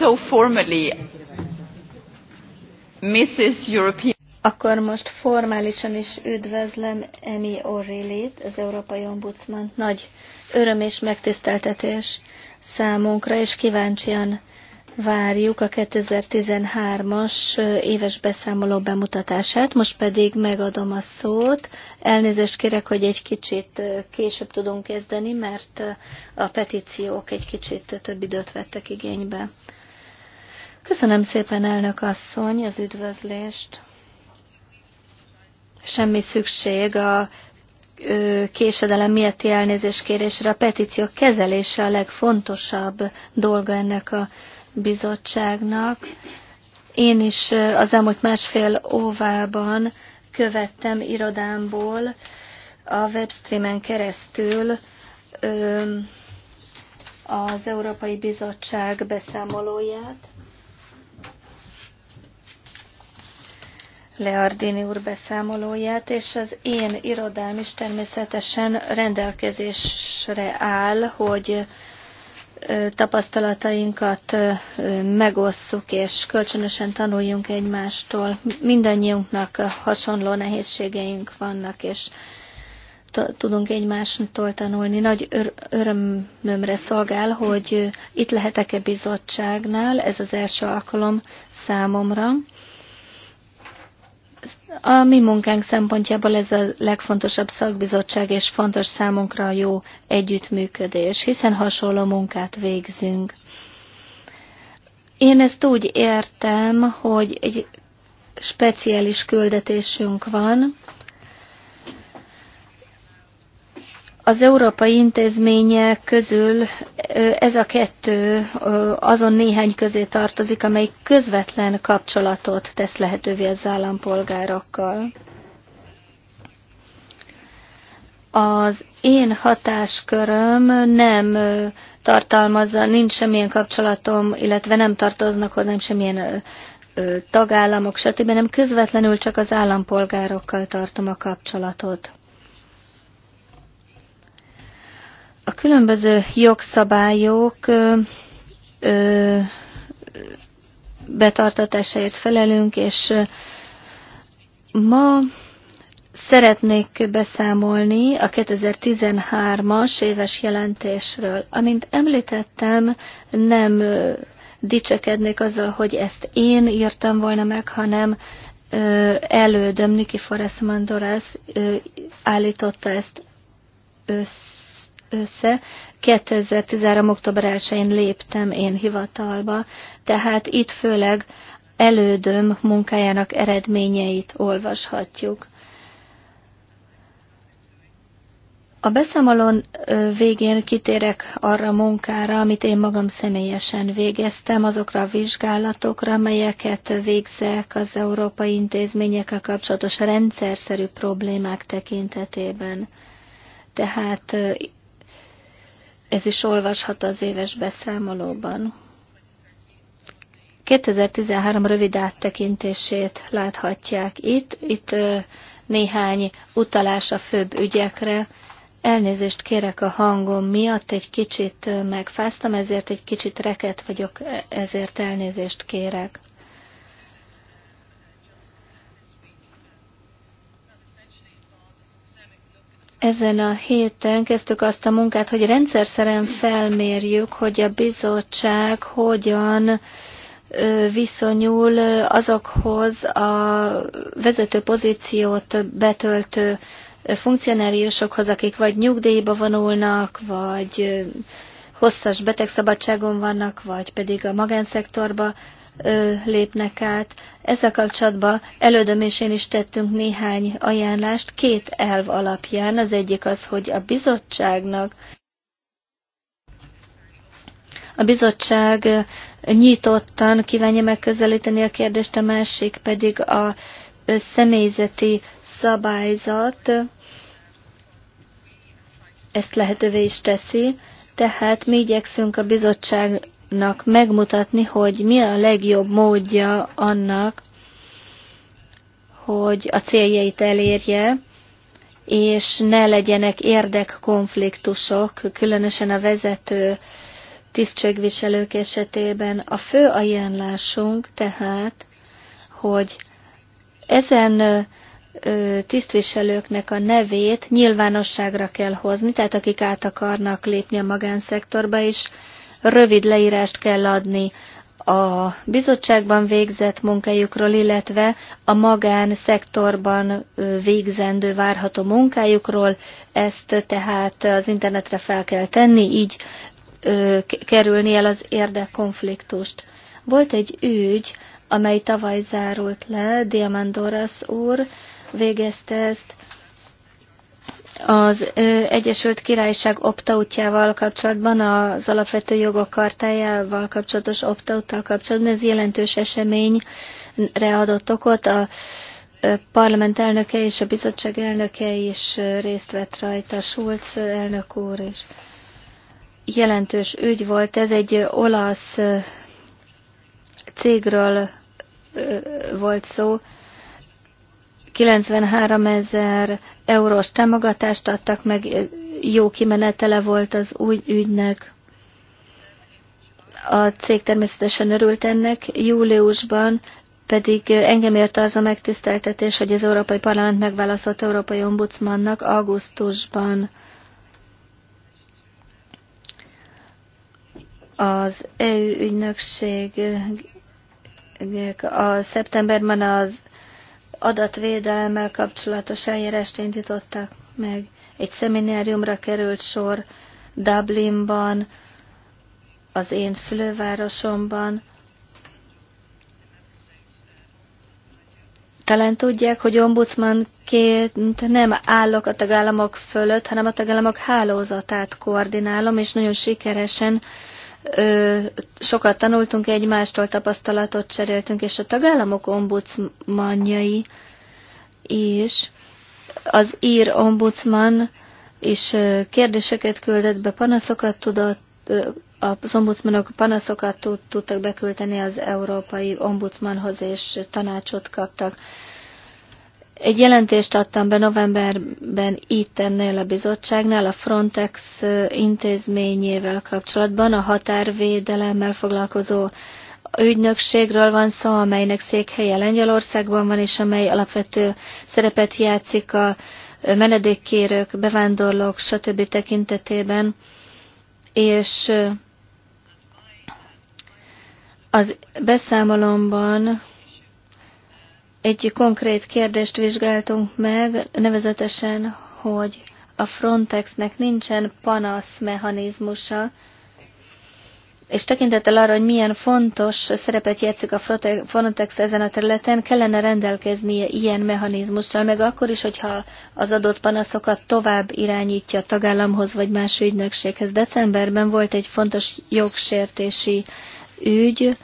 so formally Mrs. European. Akkor most formálisan is üdvözlöm Emi O'Reillyt, az Európai Ombudsman. Nagy öröm és megtiszteltetés számunkra, és kíváncsian várjuk a 2013-as éves beszámoló bemutatását. Most pedig megadom a szót. Elnézést kérek, hogy egy kicsit később tudunk kezdeni, mert a petíciók egy kicsit több időt vettek igénybe. Köszönöm szépen, elnök asszony, az üdvözlést. Semmi szükség a késedelem miatti elnézéskérésre. A petíció kezelése a legfontosabb dolga ennek a bizottságnak. Én is az elmúlt másfél óvában követtem irodámból a webstreamen keresztül az Európai Bizottság beszámolóját. Leardini úr beszámolóját, és az én irodám is természetesen rendelkezésre áll, hogy tapasztalatainkat megosszuk, és kölcsönösen tanuljunk egymástól. Mindannyiunknak hasonló nehézségeink vannak, és tudunk egymástól tanulni. Nagy ör- örömömre szolgál, hogy itt lehetek-e bizottságnál, ez az első alkalom számomra. A mi munkánk szempontjából ez a legfontosabb szakbizottság, és fontos számunkra a jó együttműködés, hiszen hasonló munkát végzünk. Én ezt úgy értem, hogy egy speciális küldetésünk van, Az európai intézmények közül ez a kettő azon néhány közé tartozik, amely közvetlen kapcsolatot tesz lehetővé az állampolgárokkal. Az én hatásköröm nem tartalmazza, nincs semmilyen kapcsolatom, illetve nem tartoznak hozzám semmilyen tagállamok, stb., nem közvetlenül csak az állampolgárokkal tartom a kapcsolatot. A különböző jogszabályok ö, ö, betartatásáért felelünk, és ma szeretnék beszámolni a 2013-as éves jelentésről. Amint említettem, nem dicsekednék azzal, hogy ezt én írtam volna meg, hanem elődöm Forrest Mandoras állította ezt össze össze. 2013. október 1-én léptem én hivatalba, tehát itt főleg elődöm munkájának eredményeit olvashatjuk. A beszámolón végén kitérek arra a munkára, amit én magam személyesen végeztem, azokra a vizsgálatokra, melyeket végzek az európai intézményekkel kapcsolatos rendszerszerű problémák tekintetében. Tehát ez is olvasható az éves beszámolóban. 2013 rövid áttekintését láthatják itt. Itt néhány utalás a főbb ügyekre. Elnézést kérek a hangom miatt, egy kicsit megfáztam, ezért egy kicsit reket vagyok, e, ezért elnézést kérek. Ezen a héten kezdtük azt a munkát, hogy rendszerszerűen felmérjük, hogy a bizottság hogyan viszonyul azokhoz a vezető pozíciót betöltő funkcionáriusokhoz, akik vagy nyugdíjba vonulnak, vagy hosszas betegszabadságon vannak, vagy pedig a magánszektorba ö, lépnek át. Ezzel kapcsolatban elődöm és én is tettünk néhány ajánlást két elv alapján. Az egyik az, hogy a bizottságnak a bizottság nyitottan kívánja megközelíteni a kérdést, a másik pedig a személyzeti szabályzat ezt lehetővé is teszi, tehát mi igyekszünk a bizottság nak megmutatni, hogy mi a legjobb módja annak, hogy a céljait elérje, és ne legyenek érdekkonfliktusok, különösen a vezető tisztségviselők esetében. A fő ajánlásunk tehát, hogy ezen tisztviselőknek a nevét nyilvánosságra kell hozni, tehát akik át akarnak lépni a magánszektorba is, rövid leírást kell adni a bizottságban végzett munkájukról, illetve a magán szektorban végzendő várható munkájukról. Ezt tehát az internetre fel kell tenni, így kerülni el az érdekkonfliktust. Volt egy ügy, amely tavaly zárult le, Diamandoras úr végezte ezt, az Egyesült Királyság optautjával kapcsolatban, az alapvető jogok kartájával kapcsolatos optauttal kapcsolatban ez jelentős eseményre adott okot. A parlament elnöke és a bizottság elnöke is részt vett rajta, Schulz elnök úr is. Jelentős ügy volt, ez egy olasz cégről volt szó, 93 ezer eurós támogatást adtak meg, jó kimenetele volt az új ügynek. A cég természetesen örült ennek. Júliusban pedig engem érte az a megtiszteltetés, hogy az Európai Parlament megválaszolt Európai Ombudsmannak augusztusban az EU ügynökség a szeptemberben az adatvédelemmel kapcsolatos eljárást indítottak meg. Egy szemináriumra került sor Dublinban, az én szülővárosomban. Talán tudják, hogy ombudsmanként nem állok a tagállamok fölött, hanem a tagállamok hálózatát koordinálom, és nagyon sikeresen sokat tanultunk egymástól, tapasztalatot cseréltünk, és a tagállamok ombudsmanjai is, az ír ombudsman is kérdéseket küldött be, panaszokat tudott, az ombudsmanok panaszokat tudtak beküldeni az európai ombudsmanhoz, és tanácsot kaptak. Egy jelentést adtam be novemberben itt ennél a bizottságnál a Frontex intézményével kapcsolatban a határvédelemmel foglalkozó ügynökségről van szó, amelynek székhelye Lengyelországban van, és amely alapvető szerepet játszik a menedékkérők, bevándorlók, stb. tekintetében, és az beszámolomban egy konkrét kérdést vizsgáltunk meg, nevezetesen, hogy a Frontexnek nincsen panasz mechanizmusa, és tekintettel arra, hogy milyen fontos szerepet játszik a Frontex ezen a területen, kellene rendelkeznie ilyen mechanizmussal, meg akkor is, hogyha az adott panaszokat tovább irányítja a tagállamhoz vagy más ügynökséghez. Decemberben volt egy fontos jogsértési ügy,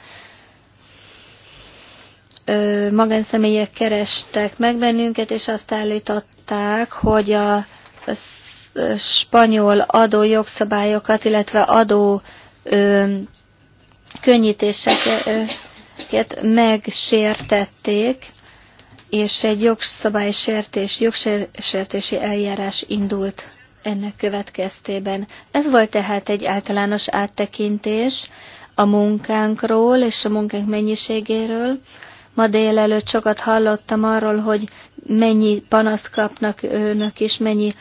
magánszemélyek kerestek meg bennünket, és azt állították, hogy a spanyol adó jogszabályokat, illetve adó könnyítéseket megsértették, és egy jogszabálysértés, jogsértési eljárás indult ennek következtében. Ez volt tehát egy általános áttekintés a munkánkról és a munkánk mennyiségéről, Ma délelőtt sokat hallottam arról, hogy mennyi panaszt kapnak önök és mennyi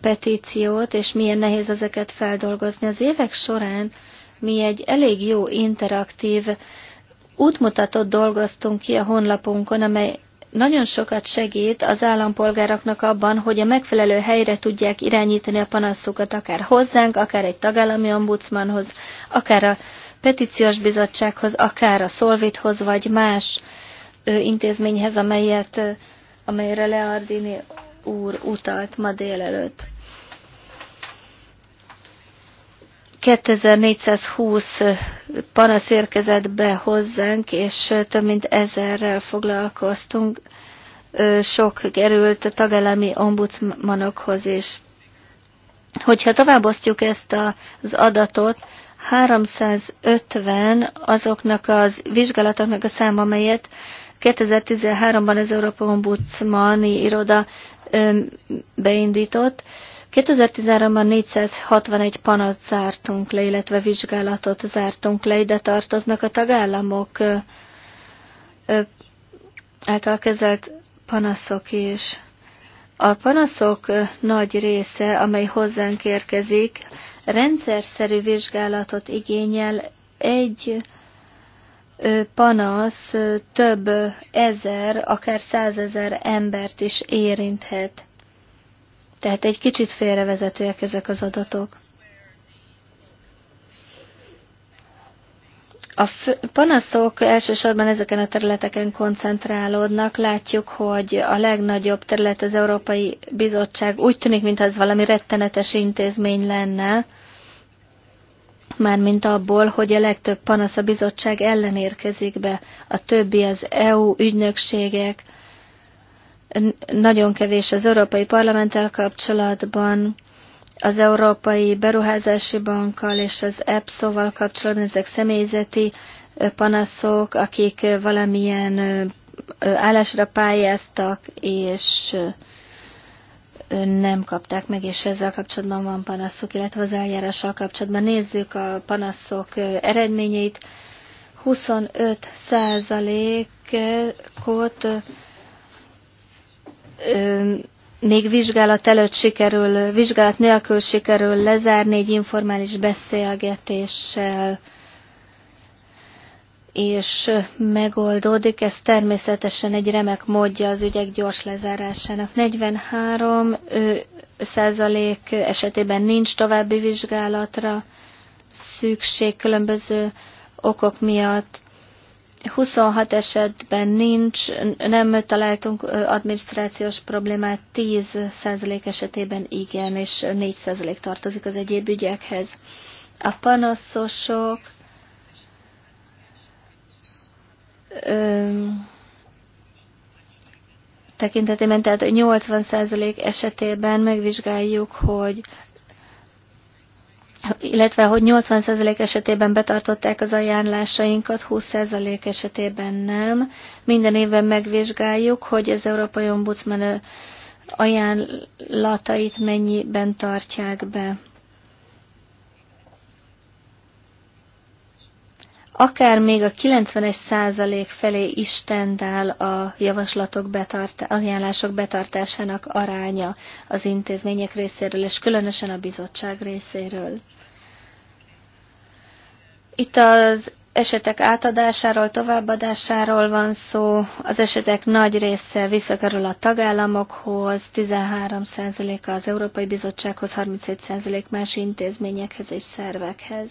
petíciót, és milyen nehéz ezeket feldolgozni. Az évek során mi egy elég jó interaktív útmutatót dolgoztunk ki a honlapunkon, amely nagyon sokat segít az állampolgároknak abban, hogy a megfelelő helyre tudják irányítani a panaszukat, akár hozzánk, akár egy tagállami ombudsmanhoz, akár a petíciós bizottsághoz, akár a szolvithoz, vagy más intézményhez, amelyet, amelyre Leardini úr utalt ma délelőtt. 2420 panasz érkezett be hozzánk, és több mint ezerrel foglalkoztunk. Sok került tagelemi ombudsmanokhoz is. Hogyha továbbosztjuk ezt az adatot, 350 azoknak az vizsgálatoknak a száma, amelyet 2013-ban az Európa Ombudsmani Iroda beindított. 2013-ban 461 panaszt zártunk le, illetve vizsgálatot zártunk le, ide tartoznak a tagállamok által kezelt panaszok is. A panaszok nagy része, amely hozzánk érkezik, rendszerszerű vizsgálatot igényel egy panasz több ezer, akár százezer embert is érinthet. Tehát egy kicsit félrevezetőek ezek az adatok. A panaszok elsősorban ezeken a területeken koncentrálódnak. Látjuk, hogy a legnagyobb terület az Európai Bizottság úgy tűnik, mintha ez valami rettenetes intézmény lenne, már mint abból, hogy a legtöbb panasz a bizottság ellen érkezik be, a többi az EU ügynökségek, nagyon kevés az Európai Parlamenttel kapcsolatban, az Európai Beruházási Bankkal és az epso val kapcsolatban ezek személyzeti panaszok, akik valamilyen állásra pályáztak, és nem kapták meg, és ezzel kapcsolatban van panaszok, illetve az eljárással kapcsolatban nézzük a panaszok eredményeit. 25 százalékot még vizsgálat előtt sikerül, vizsgálat nélkül sikerül lezárni egy informális beszélgetéssel, és megoldódik. Ez természetesen egy remek módja az ügyek gyors lezárásának. 43 százalék esetében nincs további vizsgálatra szükség különböző okok miatt. 26 esetben nincs, nem találtunk adminisztrációs problémát, 10% százalék esetében igen, és 4% százalék tartozik az egyéb ügyekhez. A panaszosok tekintetében, tehát 80% esetében megvizsgáljuk, hogy illetve hogy 80% esetében betartották az ajánlásainkat, 20% esetében nem. Minden évben megvizsgáljuk, hogy az Európai Ombudsman ajánlatait mennyiben tartják be. akár még a 90-es százalék felé is tendál a javaslatok betart, ajánlások betartásának aránya az intézmények részéről, és különösen a bizottság részéről. Itt az esetek átadásáról, továbbadásáról van szó, az esetek nagy része visszakerül a tagállamokhoz, 13%-a az Európai Bizottsághoz, 37% más intézményekhez és szervekhez.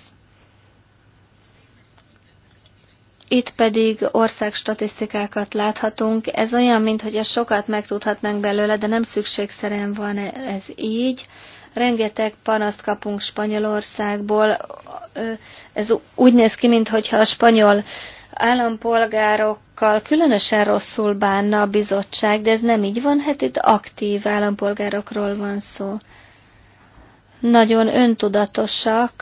Itt pedig országstatisztikákat láthatunk. Ez olyan, mintha sokat megtudhatnánk belőle, de nem szükségszerűen van ez így. Rengeteg panaszt kapunk Spanyolországból. Ez úgy néz ki, mintha a spanyol állampolgárokkal különösen rosszul bánna a bizottság, de ez nem így van, hát itt aktív állampolgárokról van szó nagyon öntudatosak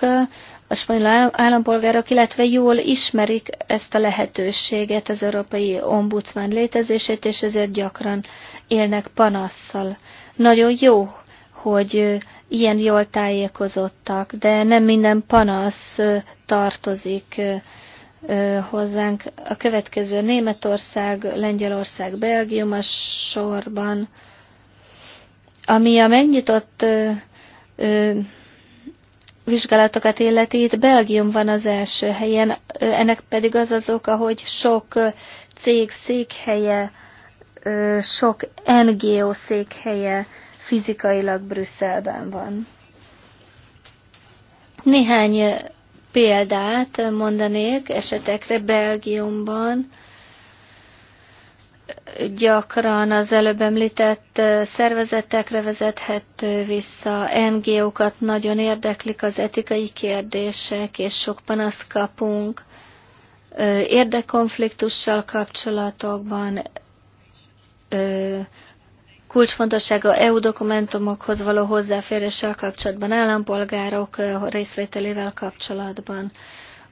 a spanyol állampolgárok, illetve jól ismerik ezt a lehetőséget, az Európai Ombudsman létezését, és ezért gyakran élnek panasszal. Nagyon jó, hogy ilyen jól tájékozottak, de nem minden panasz tartozik hozzánk. A következő Németország, Lengyelország, Belgium a sorban, ami a megnyitott ö, vizsgálatokat illeti, itt Belgium van az első helyen, ennek pedig az az oka, hogy sok cég székhelye, sok NGO székhelye fizikailag Brüsszelben van. Néhány példát mondanék esetekre Belgiumban, gyakran az előbb említett szervezetekre vezethet vissza, NGO-kat nagyon érdeklik az etikai kérdések, és sok panaszt kapunk érdekkonfliktussal kapcsolatokban, kulcsfontossága EU dokumentumokhoz való hozzáféréssel kapcsolatban, állampolgárok részvételével kapcsolatban.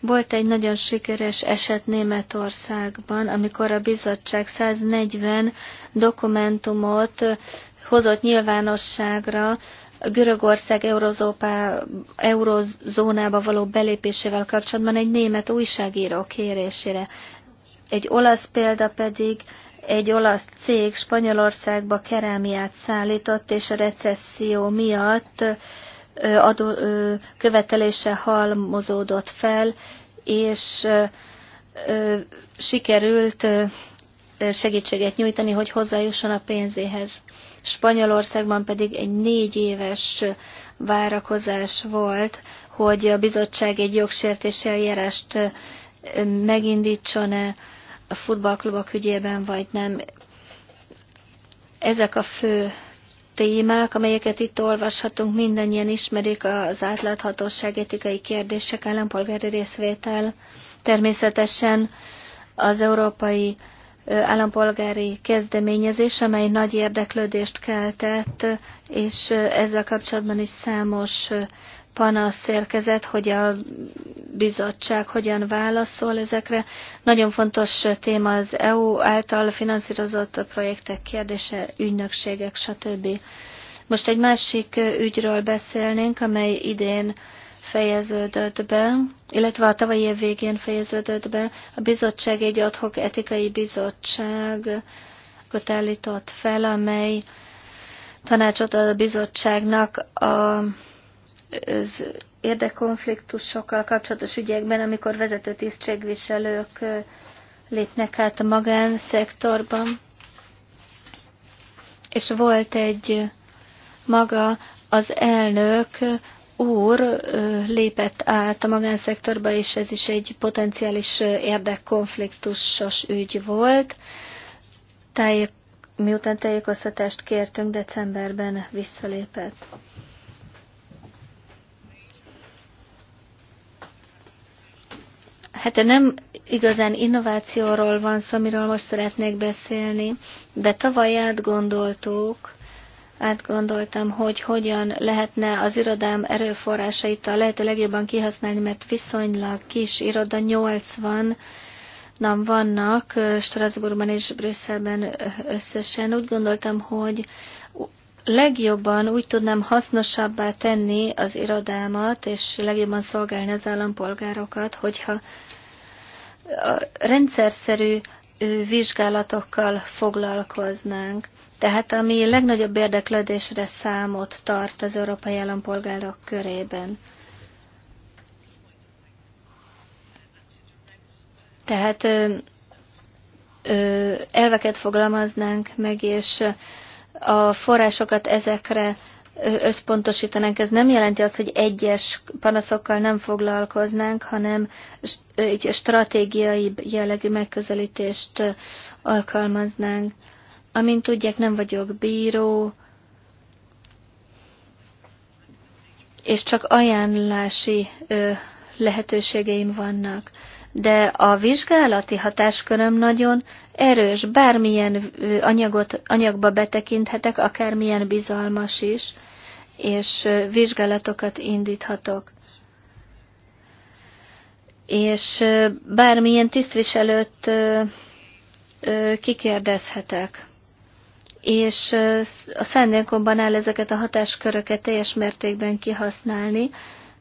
Volt egy nagyon sikeres eset Németországban, amikor a bizottság 140 dokumentumot hozott nyilvánosságra, Görögország eurozópá, eurozónába való belépésével kapcsolatban egy német újságíró kérésére. Egy olasz példa pedig egy olasz cég Spanyolországba kerámiát szállított, és a recesszió miatt adó, követelése halmozódott fel, és sikerült segítséget nyújtani, hogy hozzájusson a pénzéhez. Spanyolországban pedig egy négy éves várakozás volt, hogy a bizottság egy jogsértés eljárást megindítson-e a futballklubok ügyében, vagy nem. Ezek a fő témák, amelyeket itt olvashatunk, mindannyian ismerik az átláthatóság etikai kérdések, állampolgári részvétel, természetesen az európai állampolgári kezdeményezés, amely nagy érdeklődést keltett, és ezzel kapcsolatban is számos panasz érkezett, hogy a bizottság hogyan válaszol ezekre. Nagyon fontos téma az EU által finanszírozott projektek kérdése, ügynökségek, stb. Most egy másik ügyről beszélnénk, amely idén fejeződött be, illetve a tavalyi év végén fejeződött be. A bizottság egy adhok etikai bizottságot állított fel, amely tanácsot ad a bizottságnak a érdekkonfliktusokkal kapcsolatos ügyekben, amikor vezető tisztségviselők lépnek át a magánszektorban. És volt egy maga az elnök úr lépett át a magánszektorba, és ez is egy potenciális érdekkonfliktusos ügy volt. Tájé- miután tájékoztatást kértünk, decemberben visszalépett. Hát nem igazán innovációról van szó, amiről most szeretnék beszélni, de tavaly átgondoltuk, átgondoltam, hogy hogyan lehetne az irodám erőforrásait a lehető legjobban kihasználni, mert viszonylag kis iroda 80 nem vannak Strasbourgban és Brüsszelben összesen. Úgy gondoltam, hogy legjobban úgy tudnám hasznosabbá tenni az irodámat, és legjobban szolgálni az állampolgárokat, hogyha rendszerszerű vizsgálatokkal foglalkoznánk. Tehát ami legnagyobb érdeklődésre számot tart az európai állampolgárok körében. Tehát ö, ö, elveket fogalmaznánk meg, és a forrásokat ezekre összpontosítanánk. Ez nem jelenti azt, hogy egyes panaszokkal nem foglalkoznánk, hanem egy stratégiai jellegű megközelítést alkalmaznánk. Amint tudják, nem vagyok bíró, és csak ajánlási lehetőségeim vannak de a vizsgálati hatásköröm nagyon erős, bármilyen anyagot, anyagba betekinthetek, akármilyen bizalmas is, és vizsgálatokat indíthatok. És bármilyen tisztviselőt kikérdezhetek. És a szándékomban áll ezeket a hatásköröket teljes mértékben kihasználni,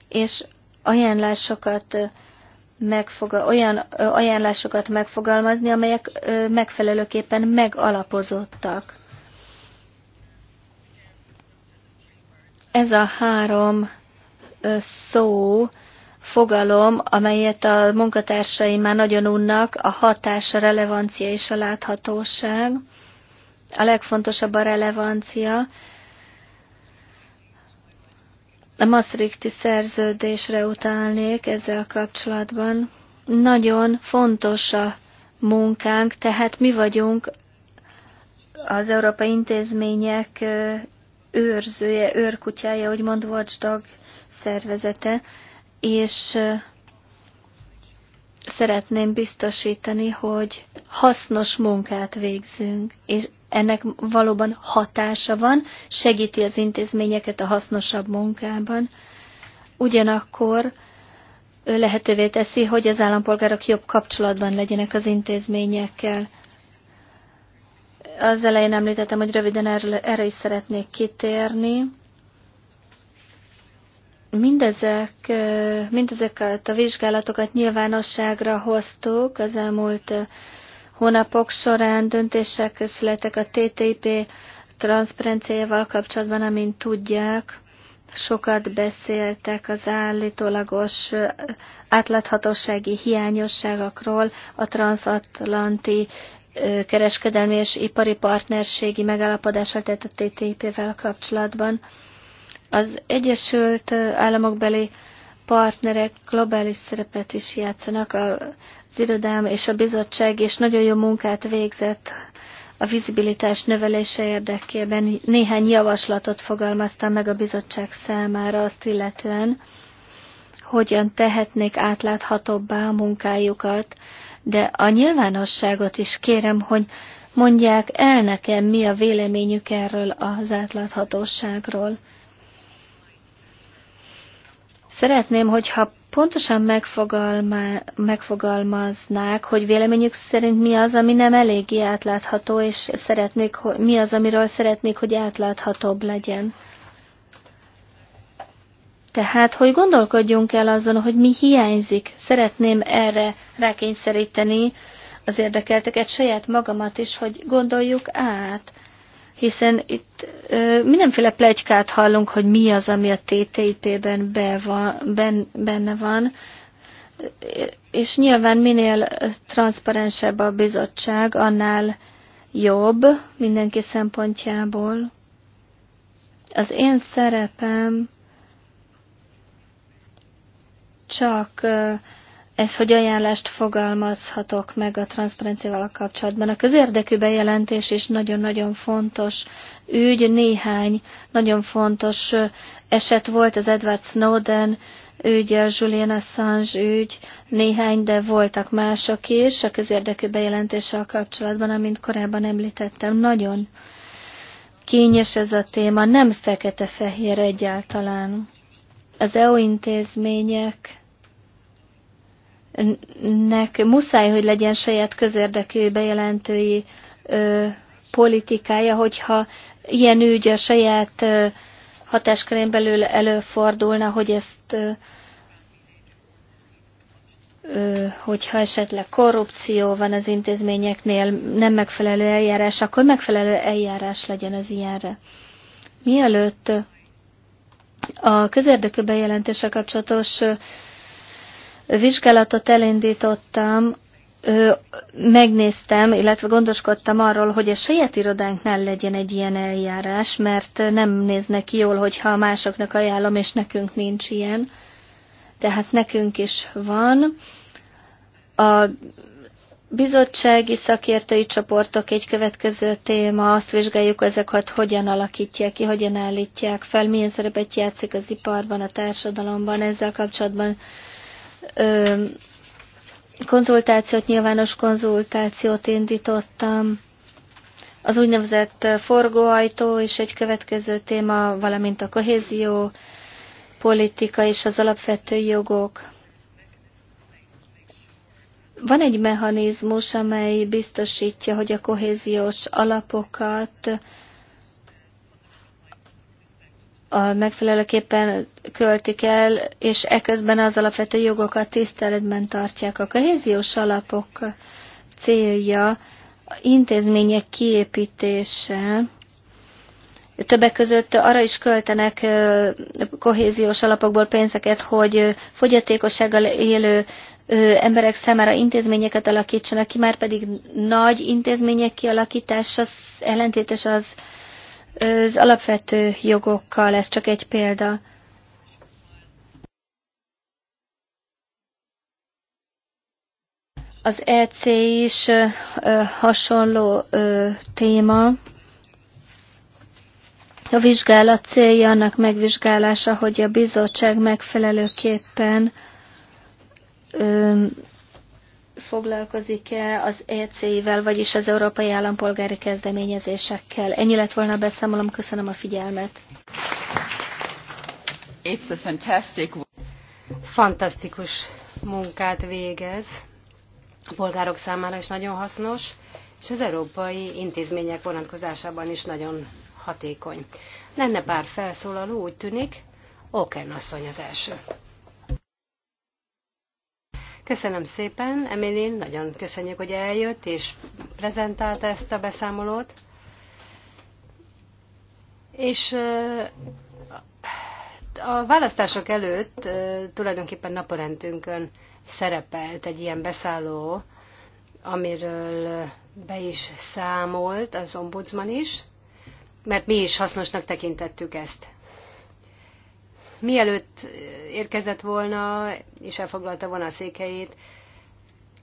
és ajánlásokat megfoga- olyan ajánlásokat megfogalmazni, amelyek megfelelőképpen megalapozottak. Ez a három szó, fogalom, amelyet a munkatársaim már nagyon unnak, a hatás, a relevancia és a láthatóság. A legfontosabb a relevancia, a Maastrichti szerződésre utalnék ezzel kapcsolatban. Nagyon fontos a munkánk, tehát mi vagyunk az európai intézmények őrzője, őrkutyája, úgymond watchdog szervezete, és szeretném biztosítani, hogy hasznos munkát végzünk, és ennek valóban hatása van, segíti az intézményeket a hasznosabb munkában, ugyanakkor lehetővé teszi, hogy az állampolgárok jobb kapcsolatban legyenek az intézményekkel. Az elején említettem, hogy röviden erről erre is szeretnék kitérni. Mindezek, mindezeket a vizsgálatokat nyilvánosságra hoztuk az elmúlt hónapok során döntések születek a TTIP transzparenciájával kapcsolatban, amint tudják, sokat beszéltek az állítólagos eh, átláthatósági hiányosságokról a transatlanti eh, kereskedelmi és ipari partnerségi megállapodással, tehát a TTIP-vel kapcsolatban. Az Egyesült eh, Államok beli partnerek globális szerepet is játszanak, az irodám és a bizottság, és nagyon jó munkát végzett a vizibilitás növelése érdekében. Néhány javaslatot fogalmaztam meg a bizottság számára azt illetően, hogyan tehetnék átláthatóbbá a munkájukat, de a nyilvánosságot is kérem, hogy mondják el nekem, mi a véleményük erről az átláthatóságról. Szeretném, hogyha pontosan megfogalma, megfogalmaznák, hogy véleményük szerint mi az, ami nem eléggé átlátható, és szeretnék, hogy mi az, amiről szeretnék, hogy átláthatóbb legyen. Tehát, hogy gondolkodjunk el azon, hogy mi hiányzik. Szeretném erre rákényszeríteni az érdekelteket, saját magamat is, hogy gondoljuk át hiszen itt ö, mindenféle plegykát hallunk, hogy mi az, ami a TTIP-ben be van, ben, benne van, és nyilván minél transzparensebb a bizottság, annál jobb mindenki szempontjából. Az én szerepem csak ö, ez, hogy ajánlást fogalmazhatok meg a transzparenciával kapcsolatban. A közérdekű bejelentés is nagyon-nagyon fontos ügy, néhány nagyon fontos eset volt az Edward Snowden ügy, a Julian Assange ügy, néhány, de voltak mások is a közérdekű bejelentéssel kapcsolatban, amint korábban említettem. Nagyon kényes ez a téma, nem fekete-fehér egyáltalán. Az EU intézmények nek muszáj, hogy legyen saját közérdekű bejelentői ö, politikája, hogyha ilyen ügy a saját ö, hatáskörén belül előfordulna, hogy ezt, ö, ö, hogyha esetleg korrupció van az intézményeknél, nem megfelelő eljárás, akkor megfelelő eljárás legyen az ilyenre. Mielőtt a közérdekű bejelentése kapcsolatos vizsgálatot elindítottam, megnéztem, illetve gondoskodtam arról, hogy a saját irodánknál legyen egy ilyen eljárás, mert nem néznek ki jól, hogyha másoknak ajánlom, és nekünk nincs ilyen. Tehát nekünk is van. A bizottsági szakértői csoportok egy következő téma, azt vizsgáljuk ezeket, hogyan alakítják ki, hogyan állítják fel, milyen szerepet játszik az iparban, a társadalomban, ezzel kapcsolatban konzultációt, nyilvános konzultációt indítottam. Az úgynevezett forgóajtó és egy következő téma, valamint a kohézió, politika és az alapvető jogok. Van egy mechanizmus, amely biztosítja, hogy a kohéziós alapokat a megfelelőképpen költik el, és eközben az alapvető jogokat tiszteletben tartják. A kohéziós alapok célja intézmények kiépítése, Többek között arra is költenek kohéziós alapokból pénzeket, hogy fogyatékossággal élő emberek számára intézményeket alakítsanak ki, már pedig nagy intézmények kialakítása ellentétes az az alapvető jogokkal, ez csak egy példa. Az EC is hasonló téma. A vizsgálat célja annak megvizsgálása, hogy a bizottság megfelelőképpen foglalkozik-e az EC-vel, vagyis az Európai Állampolgári Kezdeményezésekkel. Ennyi lett volna a beszámolom, köszönöm a figyelmet. It's a fantastic... Fantasztikus munkát végez, a polgárok számára is nagyon hasznos, és az európai intézmények vonatkozásában is nagyon hatékony. Lenne pár felszólaló, úgy tűnik, Oken asszony az első. Köszönöm szépen, Emilin, nagyon köszönjük, hogy eljött és prezentálta ezt a beszámolót. És a választások előtt tulajdonképpen naporendünkön szerepelt egy ilyen beszálló, amiről be is számolt az ombudsman is, mert mi is hasznosnak tekintettük ezt mielőtt érkezett volna, és elfoglalta volna a székhelyét,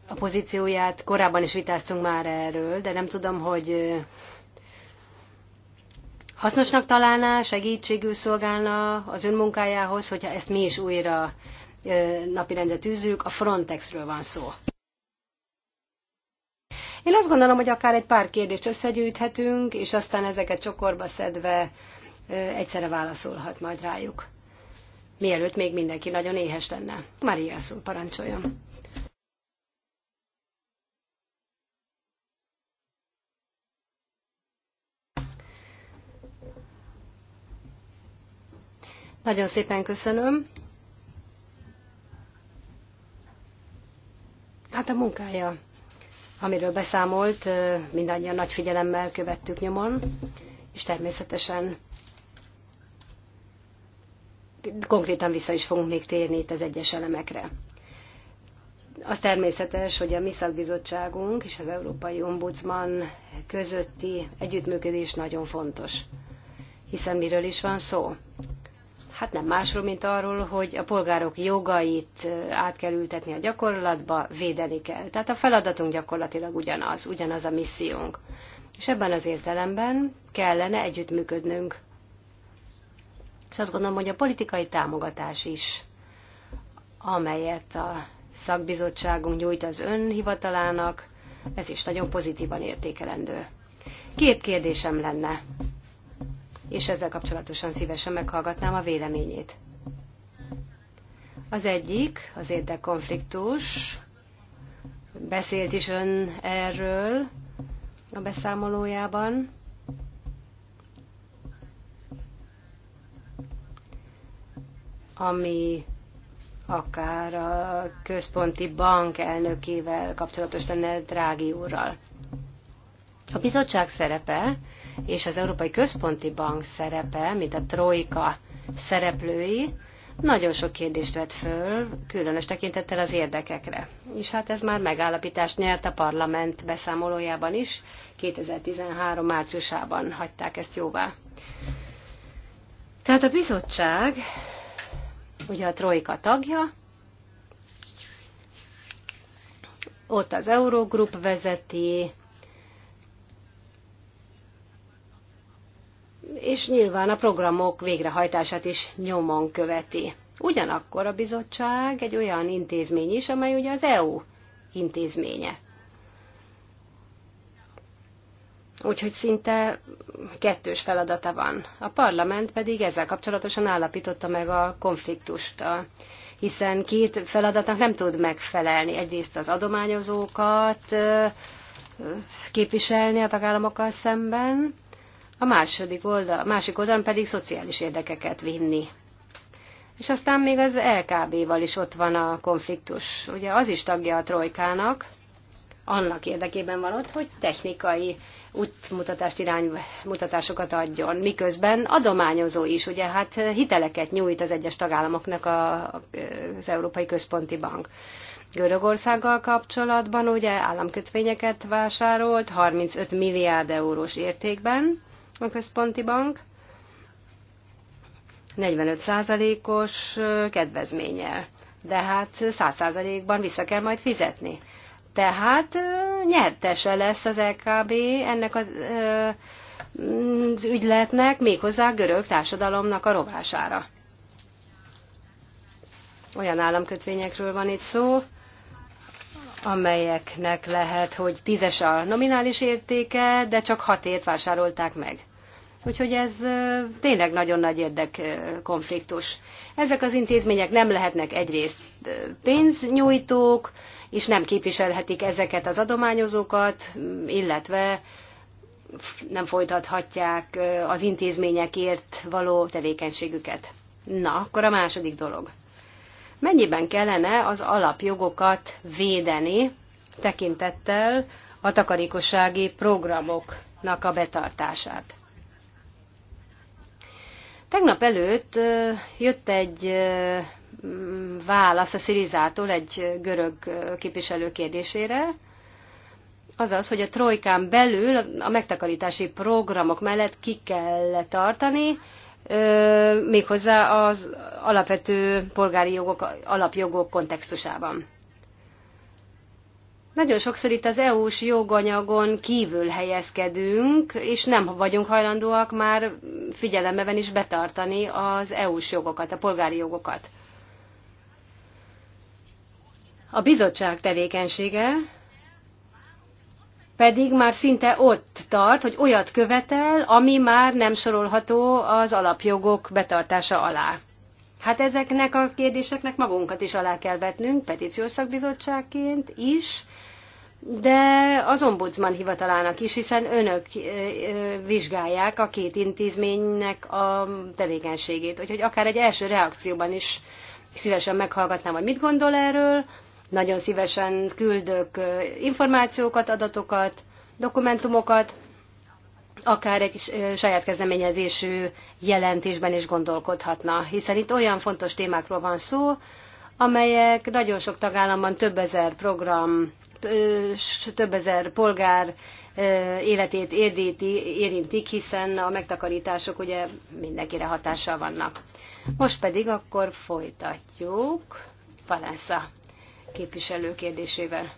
a pozícióját, korábban is vitáztunk már erről, de nem tudom, hogy hasznosnak találná, segítségül szolgálna az ön munkájához, hogyha ezt mi is újra napirendre tűzzük, a Frontexről van szó. Én azt gondolom, hogy akár egy pár kérdést összegyűjthetünk, és aztán ezeket csokorba szedve egyszerre válaszolhat majd rájuk mielőtt még mindenki nagyon éhes lenne. Maria szó, parancsoljon. Nagyon szépen köszönöm. Hát a munkája, amiről beszámolt, mindannyian nagy figyelemmel követtük nyomon, és természetesen konkrétan vissza is fogunk még térni itt az egyes elemekre. Az természetes, hogy a mi szakbizottságunk és az Európai Ombudsman közötti együttműködés nagyon fontos. Hiszen miről is van szó? Hát nem másról, mint arról, hogy a polgárok jogait át kell ültetni a gyakorlatba, védeni kell. Tehát a feladatunk gyakorlatilag ugyanaz, ugyanaz a missziónk. És ebben az értelemben kellene együttműködnünk és azt gondolom, hogy a politikai támogatás is, amelyet a szakbizottságunk nyújt az önhivatalának, ez is nagyon pozitívan értékelendő. Két kérdésem lenne, és ezzel kapcsolatosan szívesen meghallgatnám a véleményét. Az egyik az érdekkonfliktus, beszélt is ön erről a beszámolójában, ami akár a központi bank elnökével kapcsolatos lenne Drági úrral. A bizottság szerepe és az Európai Központi Bank szerepe, mint a Trojka szereplői, nagyon sok kérdést vett föl, különös tekintettel az érdekekre. És hát ez már megállapítást nyert a parlament beszámolójában is, 2013 márciusában hagyták ezt jóvá. Tehát a bizottság ugye a Trojka tagja, ott az Eurogroup vezeti, és nyilván a programok végrehajtását is nyomon követi. Ugyanakkor a bizottság egy olyan intézmény is, amely ugye az EU intézménye. Úgyhogy szinte kettős feladata van. A parlament pedig ezzel kapcsolatosan állapította meg a konfliktust, hiszen két feladatnak nem tud megfelelni. Egyrészt az adományozókat képviselni a tagállamokkal szemben, a második oldal, másik oldalon pedig szociális érdekeket vinni. És aztán még az LKB-val is ott van a konfliktus. Ugye az is tagja a trojkának, annak érdekében van ott, hogy technikai útmutatást iránymutatásokat adjon, miközben adományozó is, ugye hát hiteleket nyújt az egyes tagállamoknak a, az Európai Központi Bank. Görögországgal kapcsolatban ugye államkötvényeket vásárolt 35 milliárd eurós értékben a központi bank, 45 os kedvezménnyel. De hát 100 ban vissza kell majd fizetni. Tehát nyertese lesz az LKB ennek az, az ügyletnek, méghozzá a görög társadalomnak a rovására. Olyan államkötvényekről van itt szó, amelyeknek lehet, hogy tízes a nominális értéke, de csak hatért vásárolták meg. Úgyhogy ez tényleg nagyon nagy érdek konfliktus Ezek az intézmények nem lehetnek egyrészt pénznyújtók, és nem képviselhetik ezeket az adományozókat, illetve nem folytathatják az intézményekért való tevékenységüket. Na, akkor a második dolog. Mennyiben kellene az alapjogokat védeni tekintettel a takarékossági programoknak a betartását? Tegnap előtt jött egy mm, válasz a Szirizától egy görög képviselő kérdésére, azaz, hogy a trojkán belül a megtakarítási programok mellett ki kell tartani, méghozzá az alapvető polgári jogok, alapjogok kontextusában. Nagyon sokszor itt az EU-s joganyagon kívül helyezkedünk, és nem vagyunk hajlandóak már figyelemben is betartani az EU-s jogokat, a polgári jogokat. A bizottság tevékenysége pedig már szinte ott tart, hogy olyat követel, ami már nem sorolható az alapjogok betartása alá. Hát ezeknek a kérdéseknek magunkat is alá kell vetnünk, petíciós szakbizottságként is, de az ombudsman hivatalának is, hiszen önök vizsgálják a két intézménynek a tevékenységét. Úgyhogy akár egy első reakcióban is szívesen meghallgatnám, hogy mit gondol erről. Nagyon szívesen küldök információkat, adatokat, dokumentumokat, akár egy saját kezdeményezésű jelentésben is gondolkodhatna, hiszen itt olyan fontos témákról van szó, amelyek nagyon sok tagállamban több ezer program, több ezer polgár életét érintik, hiszen a megtakarítások ugye mindenkire hatással vannak. Most pedig akkor folytatjuk Valensza képviselő kérdésével.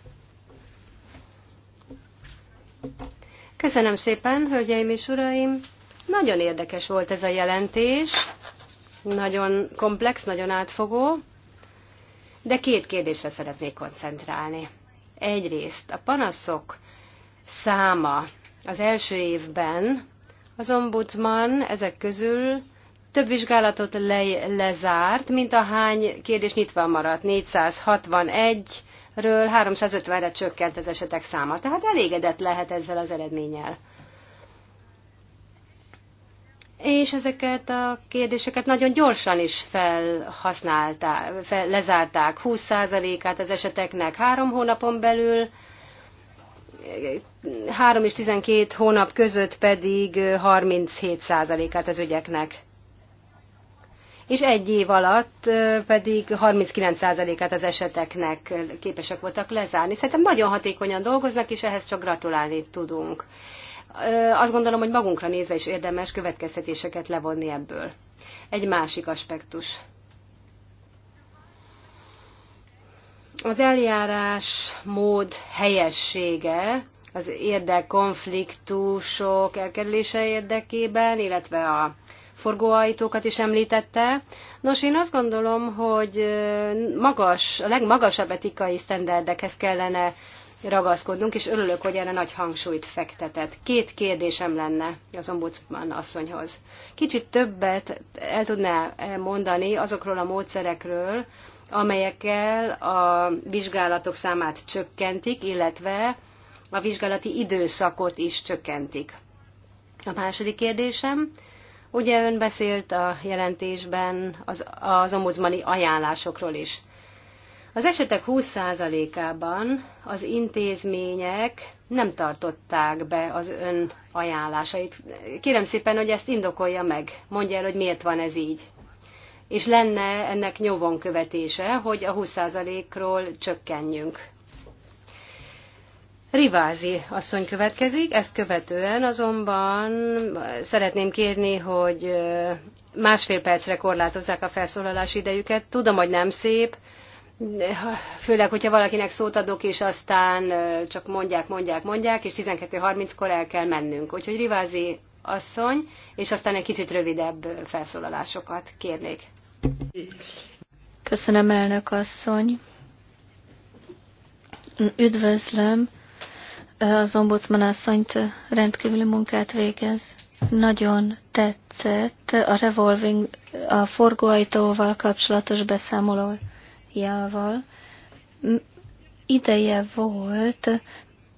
Köszönöm szépen, hölgyeim és uraim! Nagyon érdekes volt ez a jelentés, nagyon komplex, nagyon átfogó, de két kérdésre szeretnék koncentrálni. Egyrészt a panaszok száma az első évben az ombudsman ezek közül több vizsgálatot le, lezárt, mint a hány kérdés nyitva maradt. 461 ről 350-re csökkent az esetek száma. Tehát elégedett lehet ezzel az eredménnyel. És ezeket a kérdéseket nagyon gyorsan is felhasználták, fel, lezárták 20%-át az eseteknek három hónapon belül, három és 12 hónap között pedig 37%-át az ügyeknek és egy év alatt pedig 39%-át az eseteknek képesek voltak lezárni. Szerintem nagyon hatékonyan dolgoznak, és ehhez csak gratulálni tudunk. Azt gondolom, hogy magunkra nézve is érdemes következtetéseket levonni ebből. Egy másik aspektus. Az eljárás mód helyessége az érdekkonfliktusok elkerülése érdekében, illetve a forgóajtókat is említette. Nos, én azt gondolom, hogy magas, a legmagasabb etikai sztenderdekhez kellene ragaszkodnunk, és örülök, hogy erre nagy hangsúlyt fektetett. Két kérdésem lenne az ombudsman asszonyhoz. Kicsit többet el tudná mondani azokról a módszerekről, amelyekkel a vizsgálatok számát csökkentik, illetve a vizsgálati időszakot is csökkentik. A második kérdésem, Ugye ön beszélt a jelentésben az, az ombudsmani ajánlásokról is. Az esetek 20%-ában az intézmények nem tartották be az ön ajánlásait. Kérem szépen, hogy ezt indokolja meg. Mondja el, hogy miért van ez így. És lenne ennek nyomon követése, hogy a 20%-ról csökkenjünk. Rivázi asszony következik, ezt követően azonban szeretném kérni, hogy másfél percre korlátozzák a felszólalás idejüket. Tudom, hogy nem szép, főleg, hogyha valakinek szót adok, és aztán csak mondják, mondják, mondják, és 12.30-kor el kell mennünk. Úgyhogy Rivázi asszony, és aztán egy kicsit rövidebb felszólalásokat kérnék. Köszönöm, elnök asszony. Üdvözlöm az ombudsman asszonyt rendkívüli munkát végez. Nagyon tetszett a revolving, a forgóajtóval kapcsolatos beszámolójával. Ideje volt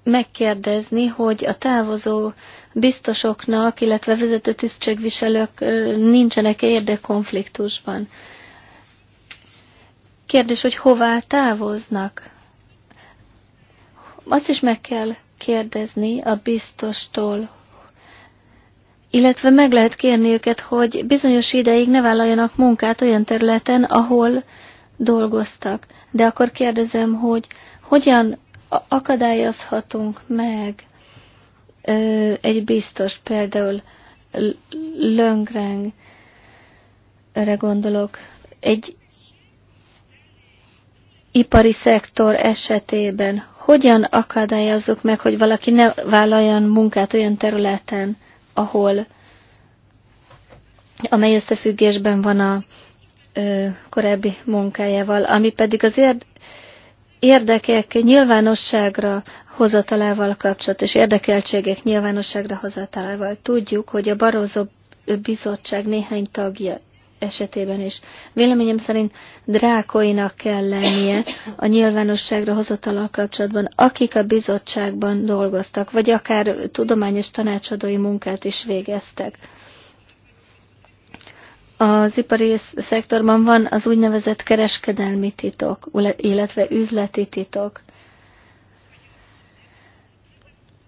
megkérdezni, hogy a távozó biztosoknak, illetve vezető tisztségviselők nincsenek érdekkonfliktusban. Kérdés, hogy hová távoznak? Azt is meg kell kérdezni a biztostól, illetve meg lehet kérni őket, hogy bizonyos ideig ne vállaljanak munkát olyan területen, ahol dolgoztak. De akkor kérdezem, hogy hogyan akadályozhatunk meg ö, egy biztos, például Löngrengre gondolok, egy ipari szektor esetében hogyan akadályozzuk meg, hogy valaki ne vállaljon munkát olyan területen, ahol amely összefüggésben van a ö, korábbi munkájával, ami pedig az érd érdekek nyilvánosságra hozatalával kapcsolat, és érdekeltségek nyilvánosságra hozatalával. Tudjuk, hogy a Barózó bizottság néhány tagja esetében is. Véleményem szerint drákoinak kell lennie a nyilvánosságra hozatalak kapcsolatban, akik a bizottságban dolgoztak, vagy akár tudományos tanácsadói munkát is végeztek. Az ipari szektorban van az úgynevezett kereskedelmi titok, illetve üzleti titok.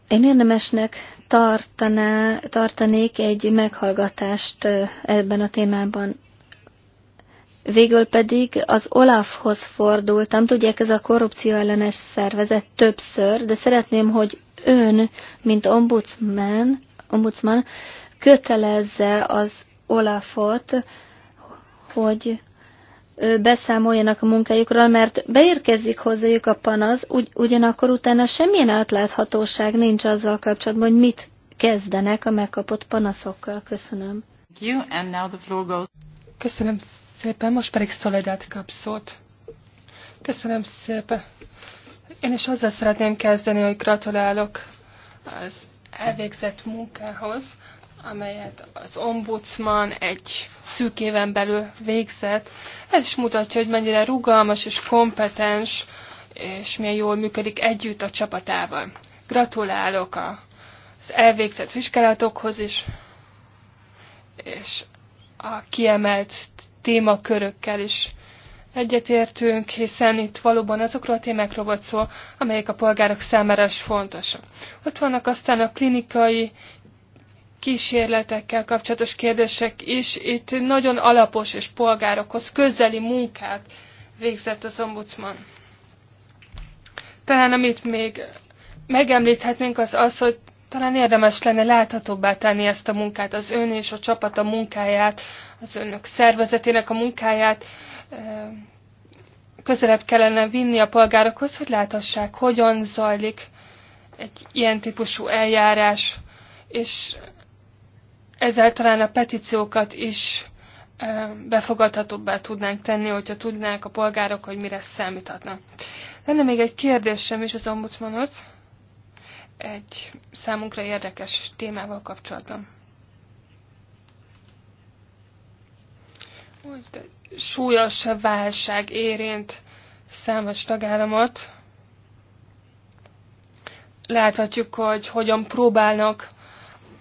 Én érdemesnek tartaná, tartanék egy meghallgatást ebben a témában. Végül pedig az Olafhoz fordultam, tudják, ez a korrupcióellenes ellenes szervezet többször, de szeretném, hogy ön, mint ombudsman, ombudsman kötelezze az Olafot, hogy beszámoljanak a munkájukról, mert beérkezik hozzájuk a panasz, ugy, ugyanakkor utána semmilyen átláthatóság nincs azzal kapcsolatban, hogy mit kezdenek a megkapott panaszokkal. Köszönöm. Köszönöm szépen, most pedig Szoledát kap szót. Köszönöm szépen. Én is azzal szeretném kezdeni, hogy gratulálok az elvégzett munkához, amelyet az ombudsman egy szűk éven belül végzett. Ez is mutatja, hogy mennyire rugalmas és kompetens, és milyen jól működik együtt a csapatával. Gratulálok az elvégzett vizsgálatokhoz is, és a kiemelt témakörökkel is egyetértünk, hiszen itt valóban azokról a témákról volt szó, amelyek a polgárok számára is fontosak. Ott vannak aztán a klinikai kísérletekkel kapcsolatos kérdések is. Itt nagyon alapos és polgárokhoz közeli munkát végzett az ombudsman. Talán amit még megemlíthetnénk az az, hogy talán érdemes lenne láthatóbbá tenni ezt a munkát, az ön és a csapat a munkáját, az önök szervezetének a munkáját. Közelebb kellene vinni a polgárokhoz, hogy láthassák, hogyan zajlik egy ilyen típusú eljárás, és ezzel talán a petíciókat is befogadhatóbbá tudnánk tenni, hogyha tudnák a polgárok, hogy mire számíthatnak. Lenne még egy kérdésem is az ombudsmanhoz egy számunkra érdekes témával kapcsolatban. Úgy, súlyos válság érint számos tagállamot. Láthatjuk, hogy hogyan próbálnak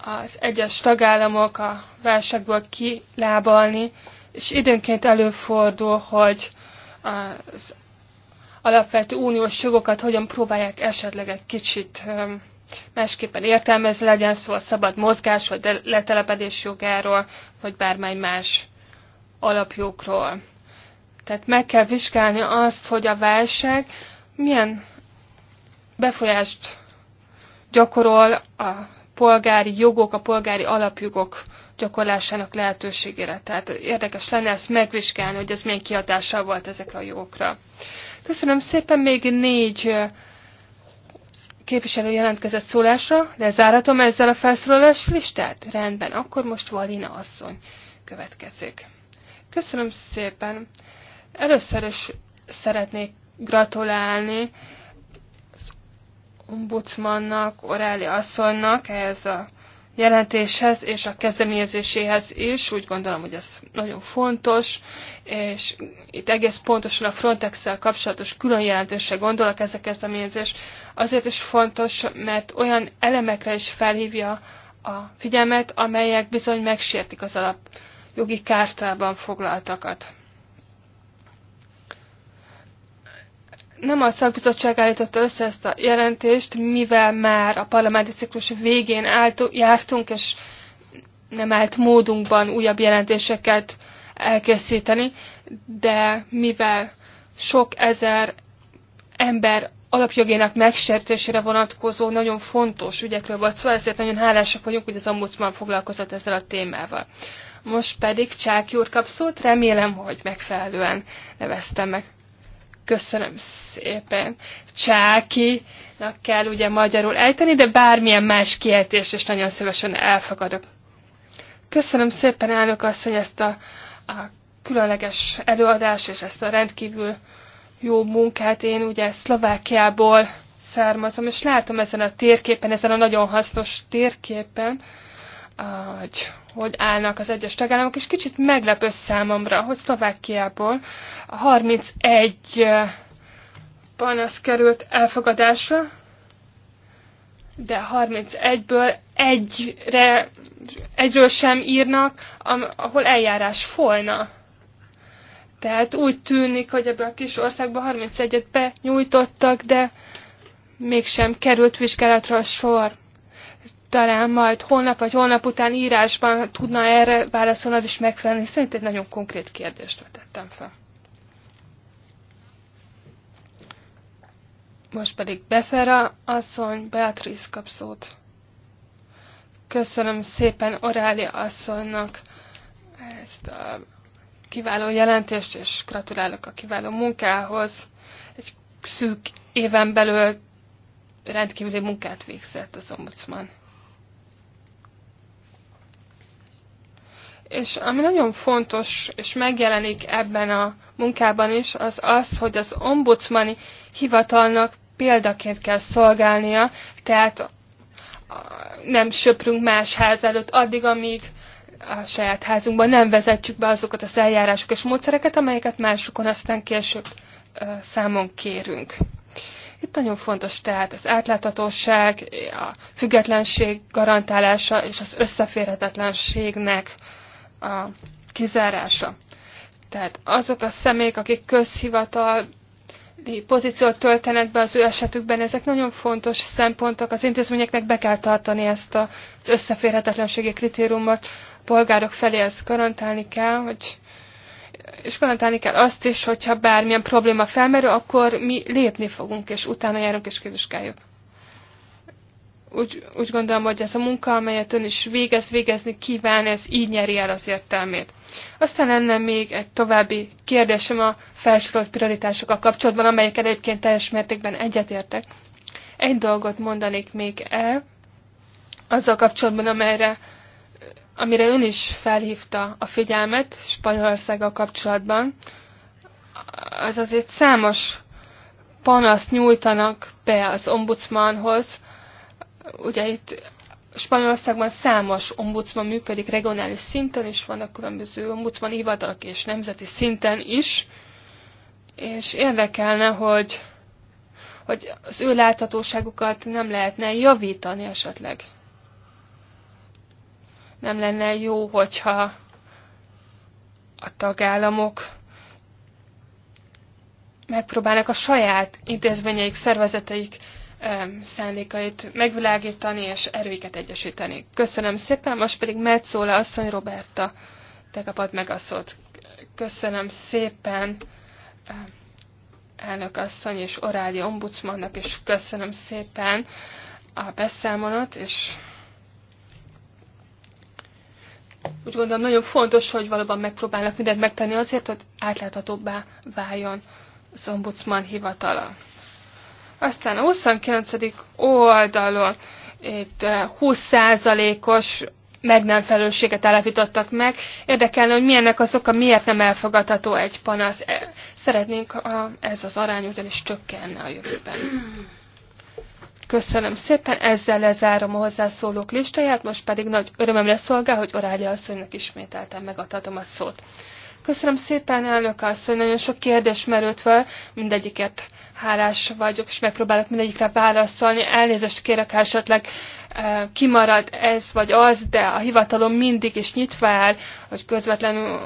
az egyes tagállamok a válságból kilábalni, és időnként előfordul, hogy az alapvető uniós jogokat hogyan próbálják esetleg egy kicsit másképpen értelmezni, legyen szó a szabad mozgás, vagy letelepedés jogáról, vagy bármely más alapjogról. Tehát meg kell vizsgálni azt, hogy a válság milyen befolyást gyakorol a polgári jogok, a polgári alapjogok gyakorlásának lehetőségére. Tehát érdekes lenne ezt megvizsgálni, hogy ez milyen kihatással volt ezekre a jogokra. Köszönöm szépen, még négy képviselő jelentkezett szólásra. Lezáratom ezzel a felszólalás listát? Rendben, akkor most Valina asszony következik. Köszönöm szépen. Először is szeretnék gratulálni az ombudsmannak, Oráli asszonynak ehhez a jelentéshez és a kezdeményezéséhez is. Úgy gondolom, hogy ez nagyon fontos, és itt egész pontosan a frontex kapcsolatos külön jelentésre gondolok ez a kezdeményezés. Azért is fontos, mert olyan elemekre is felhívja a figyelmet, amelyek bizony megsértik az alapjogi kártában foglaltakat. nem a szakbizottság állította össze ezt a jelentést, mivel már a parlamenti ciklus végén állt, jártunk, és nem állt módunkban újabb jelentéseket elkészíteni, de mivel sok ezer ember alapjogének megsértésére vonatkozó nagyon fontos ügyekről volt szó, ezért nagyon hálásak vagyunk, hogy az ombudsman foglalkozott ezzel a témával. Most pedig Csák Júr kap szót, remélem, hogy megfelelően neveztem meg. Köszönöm szépen. Csáki, kell ugye magyarul ejteni, de bármilyen más kiejtést is nagyon szívesen elfogadok. Köszönöm szépen, elnök asszony, ezt a, a különleges előadást és ezt a rendkívül jó munkát. Én ugye Szlovákiából származom, és látom ezen a térképen, ezen a nagyon hasznos térképen, hogy hogy állnak az egyes tagállamok, és kicsit meglepő számomra, hogy Szlovákiából 31 panasz került elfogadásra, de 31-ből egyre, egyről sem írnak, ahol eljárás folyna. Tehát úgy tűnik, hogy ebből a kis országban 31-et benyújtottak, de mégsem került vizsgálatra a sor talán majd holnap vagy holnap után írásban tudna erre válaszolni, az is megfelelni. Szerintem egy nagyon konkrét kérdést vetettem fel. Most pedig Befera asszony, Beatrice kap szót. Köszönöm szépen Orália asszonynak ezt a kiváló jelentést, és gratulálok a kiváló munkához. Egy szűk éven belül rendkívüli munkát végzett az ombudsman. És ami nagyon fontos, és megjelenik ebben a munkában is, az az, hogy az ombudsmani hivatalnak példaként kell szolgálnia, tehát nem söprünk más ház előtt addig, amíg a saját házunkban nem vezetjük be azokat az eljárások és módszereket, amelyeket másokon aztán később számon kérünk. Itt nagyon fontos tehát az átláthatóság, a függetlenség garantálása és az összeférhetetlenségnek a kizárása. Tehát azok a személyek, akik közhivatal pozíciót töltenek be az ő esetükben, ezek nagyon fontos szempontok, az intézményeknek be kell tartani ezt az összeférhetetlenségi kritériumot, a polgárok felé ezt garantálni kell, hogy és garantálni kell azt is, hogyha bármilyen probléma felmerül, akkor mi lépni fogunk, és utána járunk és kivizsgáljuk úgy, úgy gondolom, hogy ez a munka, amelyet ön is végez, végezni kíván, ez így nyeri el az értelmét. Aztán lenne még egy további kérdésem a felsorolt prioritásokkal kapcsolatban, amelyekkel egyébként teljes mértékben egyetértek. Egy dolgot mondanék még el, azzal kapcsolatban, amelyre, amire ön is felhívta a figyelmet Spanyolországgal kapcsolatban, az azért számos panaszt nyújtanak be az ombudsmanhoz, Ugye itt Spanyolországban számos ombudsman működik regionális szinten, és vannak különböző ombudsman hivatalok és nemzeti szinten is, és érdekelne, hogy, hogy az ő láthatóságukat nem lehetne javítani esetleg. Nem lenne jó, hogyha a tagállamok megpróbálnak a saját intézményeik, szervezeteik szándékait megvilágítani és erőiket egyesíteni. Köszönöm szépen, most pedig Metszóla asszony Roberta, te kapod meg a szót. Köszönöm szépen elnök asszony és oráli ombudsmannak, és köszönöm szépen a beszámolat, és úgy gondolom nagyon fontos, hogy valóban megpróbálnak mindent megtenni azért, hogy átláthatóbbá váljon az ombudsman hivatala. Aztán a 29. oldalon itt 20%-os eh, meg nem felelősséget állapítottak meg. Érdekelne, hogy milyennek az oka, miért nem elfogadható egy panasz. Eh, szeretnénk, ha ez az arány ugyanis csökkenne a jövőben. Köszönöm szépen, ezzel lezárom a hozzászólók listáját, most pedig nagy örömömre szolgál, hogy Orália asszonynak ismételtem megadhatom a szót. Köszönöm szépen, elnök asszony, nagyon sok kérdés merült fel, mindegyiket hálás vagyok, és megpróbálok mindegyikre válaszolni. Elnézést kérek, ha esetleg eh, kimarad ez vagy az, de a hivatalom mindig is nyitva áll, hogy közvetlenül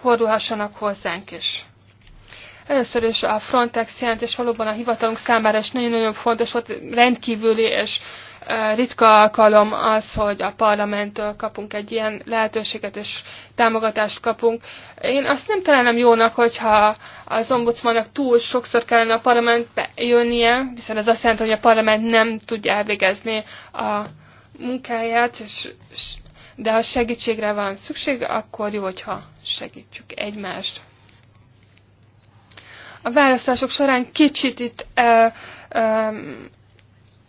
fordulhassanak hozzánk is. Először is a Frontex jelentés valóban a hivatalunk számára is nagyon-nagyon fontos volt, rendkívüli és ritka alkalom az, hogy a parlamenttől kapunk egy ilyen lehetőséget és támogatást kapunk. Én azt nem találom jónak, hogyha az ombudsmannak túl sokszor kellene a parlamentbe jönnie, viszont ez azt jelenti, hogy a parlament nem tudja elvégezni a munkáját, és, és, de ha segítségre van szükség, akkor jó, hogyha segítjük egymást. A választások során kicsit itt e, e,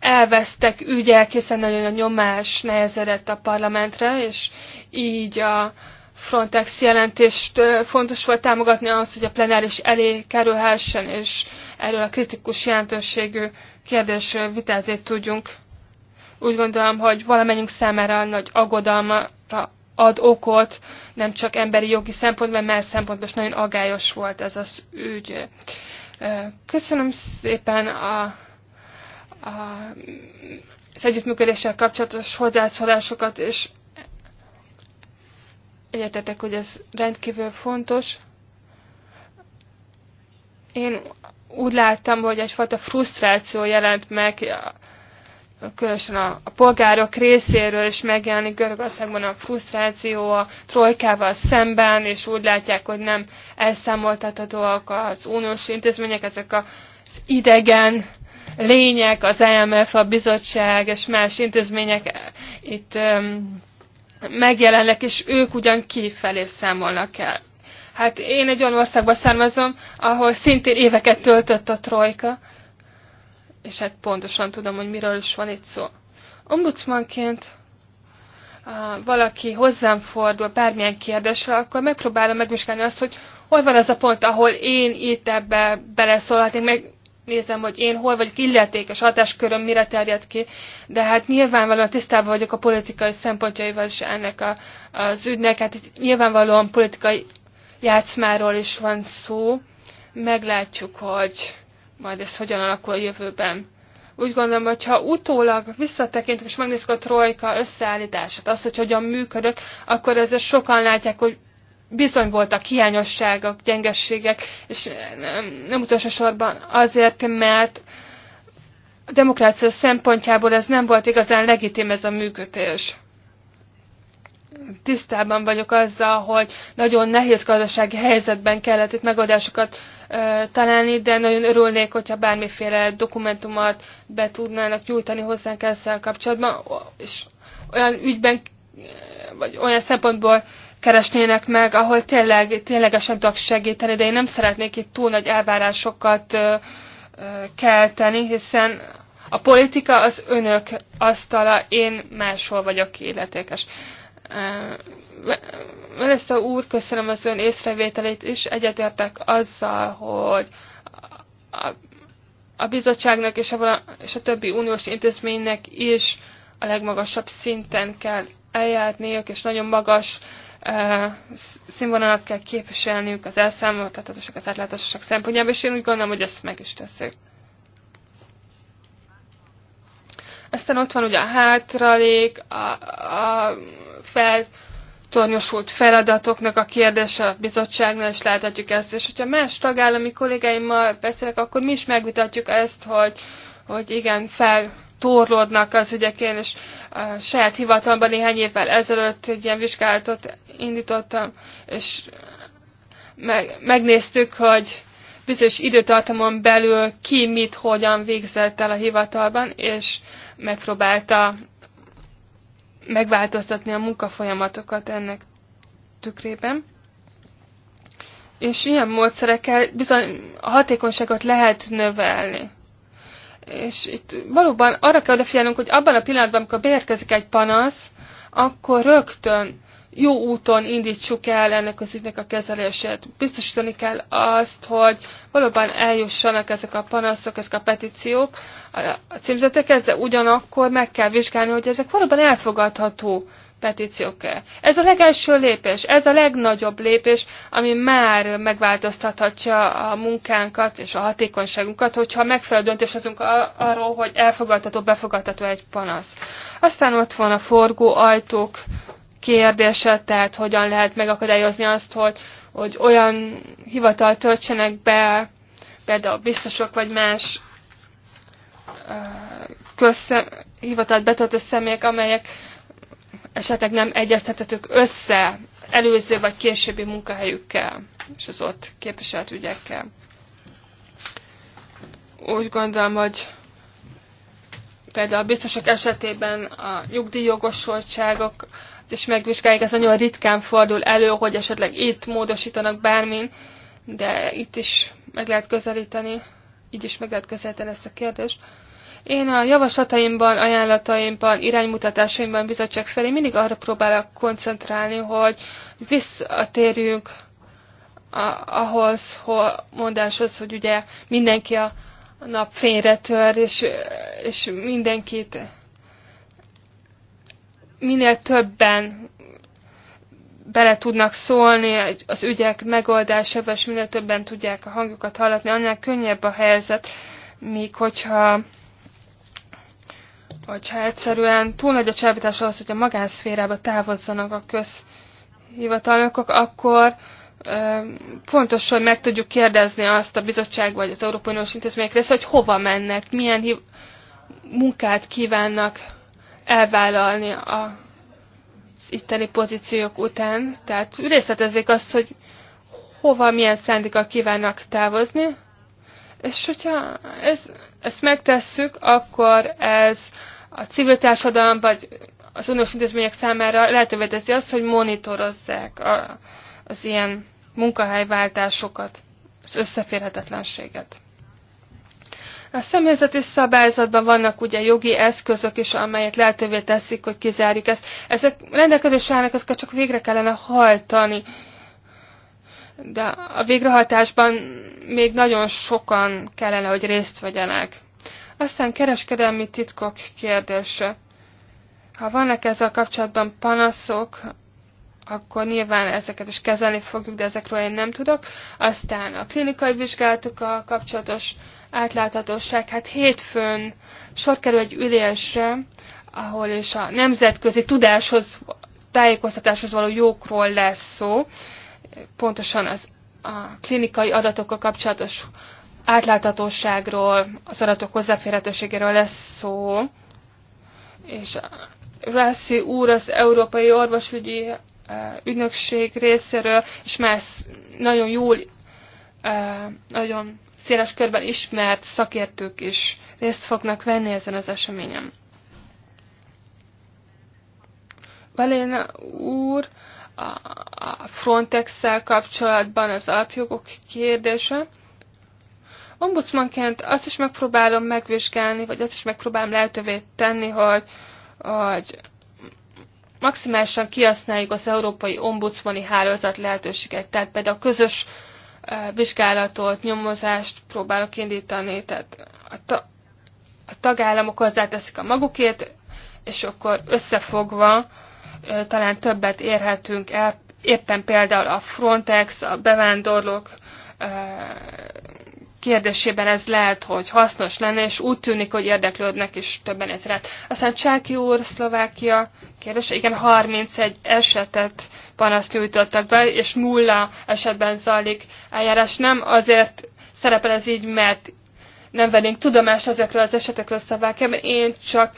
elvesztek ügyek, hiszen nagyon a nyomás nehezedett a parlamentre, és így a Frontex jelentést fontos volt támogatni ahhoz, hogy a plenáris elé kerülhessen, és erről a kritikus jelentőségű kérdés vitázni tudjunk. Úgy gondolom, hogy valamennyünk számára nagy aggodalmra ad okot, nem csak emberi jogi szempontból, mert szempontból is nagyon agályos volt ez az ügy. Köszönöm szépen a a, az együttműködéssel kapcsolatos hozzászólásokat, és egyetetek, hogy ez rendkívül fontos. Én úgy láttam, hogy egyfajta frusztráció jelent meg, különösen a, a polgárok részéről is megjelenik Görögországban a frusztráció a trojkával szemben, és úgy látják, hogy nem elszámoltathatóak az uniós intézmények, ezek az idegen lények, az EMF, a bizottság és más intézmények itt megjelennek, és ők ugyan kifelé számolnak el. Hát én egy olyan országba származom, ahol szintén éveket töltött a trojka, és hát pontosan tudom, hogy miről is van itt szó. Ombudsmanként valaki hozzám fordul bármilyen kérdésre, akkor megpróbálom megvizsgálni azt, hogy hol van az a pont, ahol én itt ebbe beleszólhatnék, meg nézem, hogy én hol vagyok illetékes, hatásköröm mire terjed ki, de hát nyilvánvalóan tisztában vagyok a politikai szempontjaival is ennek a, az ügynek, hát nyilvánvalóan politikai játszmáról is van szó, meglátjuk, hogy majd ez hogyan alakul a jövőben. Úgy gondolom, hogy ha utólag visszatekintek és megnézzük a trojka összeállítását, azt, hogy hogyan működök, akkor ezzel sokan látják, hogy bizony voltak hiányosságok, gyengességek, és nem, nem utolsó sorban azért, mert a demokrácia szempontjából ez nem volt igazán legitim ez a működés. Tisztában vagyok azzal, hogy nagyon nehéz gazdasági helyzetben kellett itt megoldásokat ö, találni, de nagyon örülnék, hogyha bármiféle dokumentumot be tudnának nyújtani hozzánk ezzel kapcsolatban, és olyan ügyben, vagy olyan szempontból ö, keresnének meg, ahol tényleg, ténylegesen tudok segíteni, de én nem szeretnék itt túl nagy elvárásokat ö, ö, kelteni, hiszen a politika az önök asztala, én máshol vagyok életékes. Melissa úr, köszönöm az ön észrevételét, és egyetértek azzal, hogy a, a bizottságnak és a, és a többi uniós intézménynek is a legmagasabb szinten kell eljárniuk, és nagyon magas uh, színvonalat kell képviselniük az elszámoltatatosak, az átláthatóság szempontjából, és én úgy gondolom, hogy ezt meg is teszik. Aztán ott van ugye a hátralék, a, a feltornyosult feladatoknak a kérdése a bizottságnál, és láthatjuk ezt. És hogyha más tagállami kollégáimmal beszélek, akkor mi is megvitatjuk ezt, hogy, hogy igen, fel torlódnak az ügyekén, és a saját hivatalomban néhány évvel ezelőtt egy ilyen vizsgálatot indítottam, és meg, megnéztük, hogy bizonyos időtartamon belül ki mit, hogyan végzett el a hivatalban, és megpróbálta megváltoztatni a munkafolyamatokat ennek tükrében. És ilyen módszerekkel bizony a hatékonyságot lehet növelni. És itt valóban arra kell odafigyelnünk, hogy abban a pillanatban, amikor beérkezik egy panasz, akkor rögtön jó úton indítsuk el ennek az ügynek a kezelését. Biztosítani kell azt, hogy valóban eljussanak ezek a panaszok, ezek a petíciók a címzetekhez, de ugyanakkor meg kell vizsgálni, hogy ezek valóban elfogadható petíciók Ez a legelső lépés, ez a legnagyobb lépés, ami már megváltoztathatja a munkánkat és a hatékonyságunkat, hogyha megfelelő döntés hozunk arról, hogy elfogadható, befogadható egy panasz. Aztán ott van a forgó ajtók kérdése, tehát hogyan lehet megakadályozni azt, hogy, hogy olyan hivatal töltsenek be, például biztosok vagy más közhivatalt betöltő személyek, amelyek esetleg nem egyeztethetők össze előző vagy későbbi munkahelyükkel és az ott képviselt ügyekkel. Úgy gondolom, hogy például a biztosok esetében a nyugdíjjogosultságok és megvizsgálják, ez nagyon ritkán fordul elő, hogy esetleg itt módosítanak bármin, de itt is meg lehet közelíteni, így is meg lehet közelíteni ezt a kérdést. Én a javaslataimban, ajánlataimban, iránymutatásaimban bizottság felé mindig arra próbálok koncentrálni, hogy visszatérjünk ahhoz hol, mondáshoz, hogy ugye mindenki a nap fényre tör, és, és mindenkit minél többen bele tudnak szólni az ügyek megoldásába, és minél többen tudják a hangjukat hallatni, annál könnyebb a helyzet, míg hogyha hogyha egyszerűen túl nagy a csábítás ahhoz, hogy a magánszférába távozzanak a közhivatalnokok, akkor ö, fontos, hogy meg tudjuk kérdezni azt a bizottság vagy az Európai Uniós intézmények része, hogy hova mennek, milyen munkát kívánnak elvállalni a az itteni pozíciók után. Tehát részletezzék azt, hogy hova, milyen szándékkal kívánnak távozni, és hogyha ez, ezt megtesszük, akkor ez a civil társadalom vagy az uniós intézmények számára lehetővé teszi azt, hogy monitorozzák a, az ilyen munkahelyváltásokat, az összeférhetetlenséget. A személyzeti szabályzatban vannak ugye jogi eszközök is, amelyek lehetővé teszik, hogy kizárjuk ezt. Ezek rendelkezés állnak, ezeket csak végre kellene hajtani. De a végrehajtásban még nagyon sokan kellene, hogy részt vegyenek. Aztán kereskedelmi titkok kérdése. Ha vannak ezzel kapcsolatban panaszok, akkor nyilván ezeket is kezelni fogjuk, de ezekről én nem tudok. Aztán a klinikai a kapcsolatos átláthatóság. Hát hétfőn sor kerül egy ülésre, ahol is a nemzetközi tudáshoz, tájékoztatáshoz való jókról lesz szó, pontosan az a klinikai adatokkal kapcsolatos átláthatóságról, az adatok hozzáférhetőségéről lesz szó, és Rassi úr az Európai Orvosügyi eh, Ügynökség részéről, és már nagyon jól, eh, nagyon széles körben ismert szakértők is részt fognak venni ezen az eseményen. Valéna úr, a Frontex-szel kapcsolatban az alapjogok kérdése. Ombudsmanként azt is megpróbálom megvizsgálni, vagy azt is megpróbálom lehetővé tenni, hogy, hogy maximálisan kihasználjuk az európai ombudsmani hálózat lehetőséget, tehát például a közös vizsgálatot, nyomozást próbálok indítani, tehát a, ta, a tagállamok hozzáteszik a magukét, és akkor összefogva talán többet érhetünk el, éppen például a Frontex, a bevándorlók kérdésében ez lehet, hogy hasznos lenne, és úgy tűnik, hogy érdeklődnek is többen ez Aztán Csáki úr, Szlovákia kérdése, igen, 31 esetet panaszt nyújtottak be, és nulla esetben zajlik eljárás. Nem azért szerepel ez így, mert nem vennénk tudomást ezekről az esetekről Szlovákiában, én csak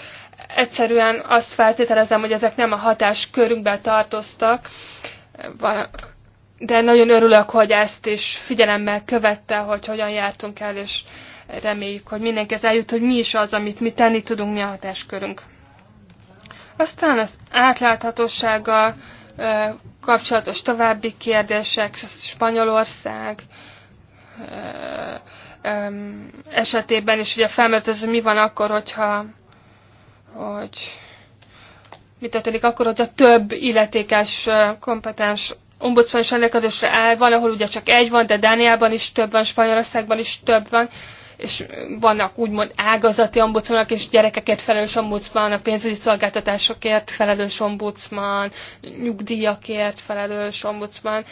egyszerűen azt feltételezem, hogy ezek nem a hatás körünkben tartoztak, de nagyon örülök, hogy ezt is figyelemmel követte, hogy hogyan jártunk el, és reméljük, hogy mindenki ez eljut, hogy mi is az, amit mi tenni tudunk, mi a hatáskörünk. Aztán az átláthatósággal kapcsolatos további kérdések, Spanyolország esetében is ugye felmerült ez, hogy mi van akkor, hogyha hogy mi történik akkor, a több illetékes kompetens ombudsman is rendelkezésre áll, van, ahol ugye csak egy van, de Dániában is több van, Spanyolországban is több van, és vannak úgymond ágazati ombudsmanok és gyerekeket felelős ombudsman, a pénzügyi szolgáltatásokért felelős ombudsman, nyugdíjakért felelős ombudsman,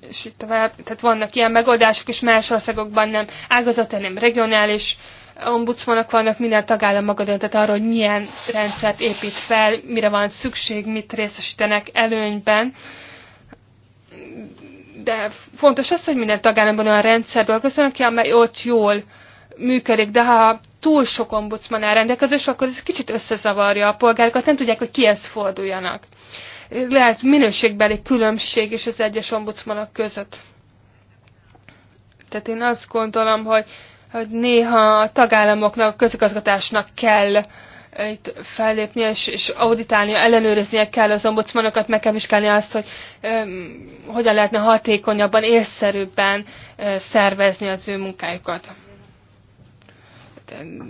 és itt tovább. Tehát vannak ilyen megoldások, és más országokban nem ágazati, nem regionális ombudsmanok vannak, minden tagállam maga döntet arról, hogy milyen rendszert épít fel, mire van szükség, mit részesítenek előnyben. De fontos az, hogy minden tagállamban olyan rendszer dolgozzanak ki, amely ott jól működik, de ha túl sok ombudsman elrendelkezés, akkor ez kicsit összezavarja a polgárokat, nem tudják, hogy kihez forduljanak. Lehet minőségbeli különbség is az egyes ombudsmanok között. Tehát én azt gondolom, hogy hogy néha a tagállamoknak, a közigazgatásnak kell eh, itt fellépnie és, és auditálnia, ellenőriznie kell az ombudsmanokat, meg kell vizsgálni azt, hogy um, hogyan lehetne hatékonyabban, észszerűbben uh, szervezni az ő munkájukat.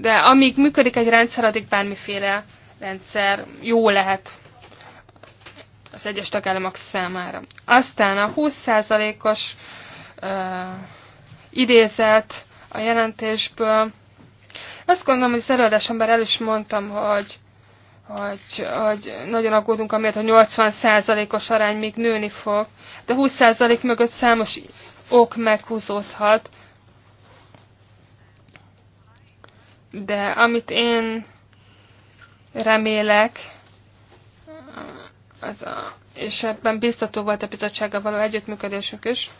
De amíg működik egy rendszer, addig bármiféle rendszer jó lehet az egyes tagállamok számára. Aztán a 20%-os uh, eh, idézet a jelentésből. Azt gondolom, hogy az ember el is mondtam, hogy, hogy, hogy nagyon aggódunk, amiatt a 80%-os arány még nőni fog, de 20% mögött számos ok meghúzódhat. De amit én remélek, az a, és ebben biztató volt a bizottsággal való együttműködésük is,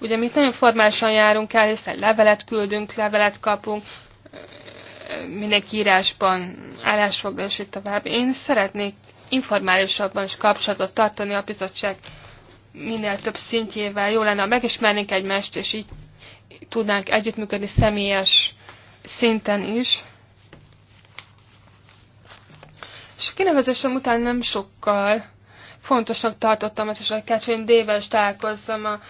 Ugye mi nagyon formálisan járunk el, hiszen levelet küldünk, levelet kapunk, mindenki írásban állásfoglal, és tovább. Én szeretnék informálisabban is kapcsolatot tartani a bizottság minél több szintjével. Jó lenne, ha megismernénk egymást, és így tudnánk együttműködni személyes szinten is. És a kinevezésem után nem sokkal fontosnak tartottam ezt, és a Catherine Dével találkozzam a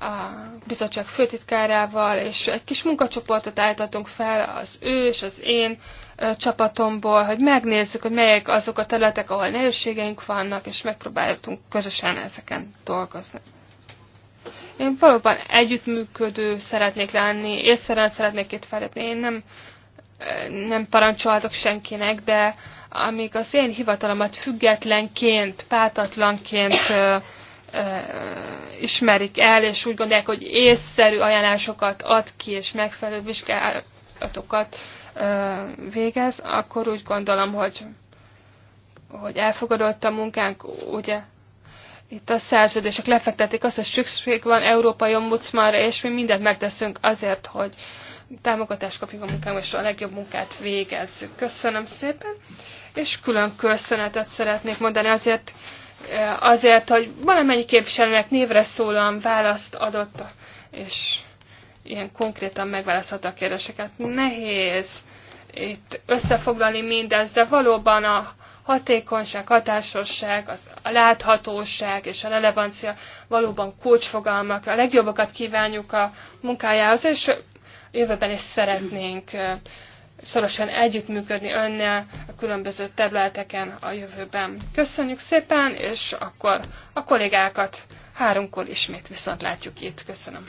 a bizottság főtitkárával, és egy kis munkacsoportot állítottunk fel az ő és az én csapatomból, hogy megnézzük, hogy melyek azok a területek, ahol nehézségeink vannak, és megpróbáltunk közösen ezeken dolgozni. Én valóban együttműködő szeretnék lenni, észre szeretnék itt felépni. Én nem, nem parancsolhatok senkinek, de amíg az én hivatalomat függetlenként, pátatlanként ismerik el, és úgy gondolják, hogy észszerű ajánlásokat ad ki, és megfelelő vizsgálatokat végez, akkor úgy gondolom, hogy, hogy elfogadott a munkánk, ugye itt a szerződések lefektetik azt, hogy szükség van európai ombudsmanra, és mi mindent megteszünk azért, hogy támogatást kapjuk a munkánkba, és a legjobb munkát végezzük. Köszönöm szépen, és külön köszönetet szeretnék mondani azért, azért, hogy valamennyi képviselőnek névre szólóan választ adott, és ilyen konkrétan megválaszolta a kérdéseket. Nehéz itt összefoglalni mindezt, de valóban a hatékonyság, hatásosság, az, a láthatóság és a relevancia valóban kulcsfogalmak. A legjobbakat kívánjuk a munkájához, és jövőben is szeretnénk szorosan együttműködni önnel a különböző területeken a jövőben. Köszönjük szépen, és akkor a kollégákat háromkor ismét viszont látjuk itt. Köszönöm.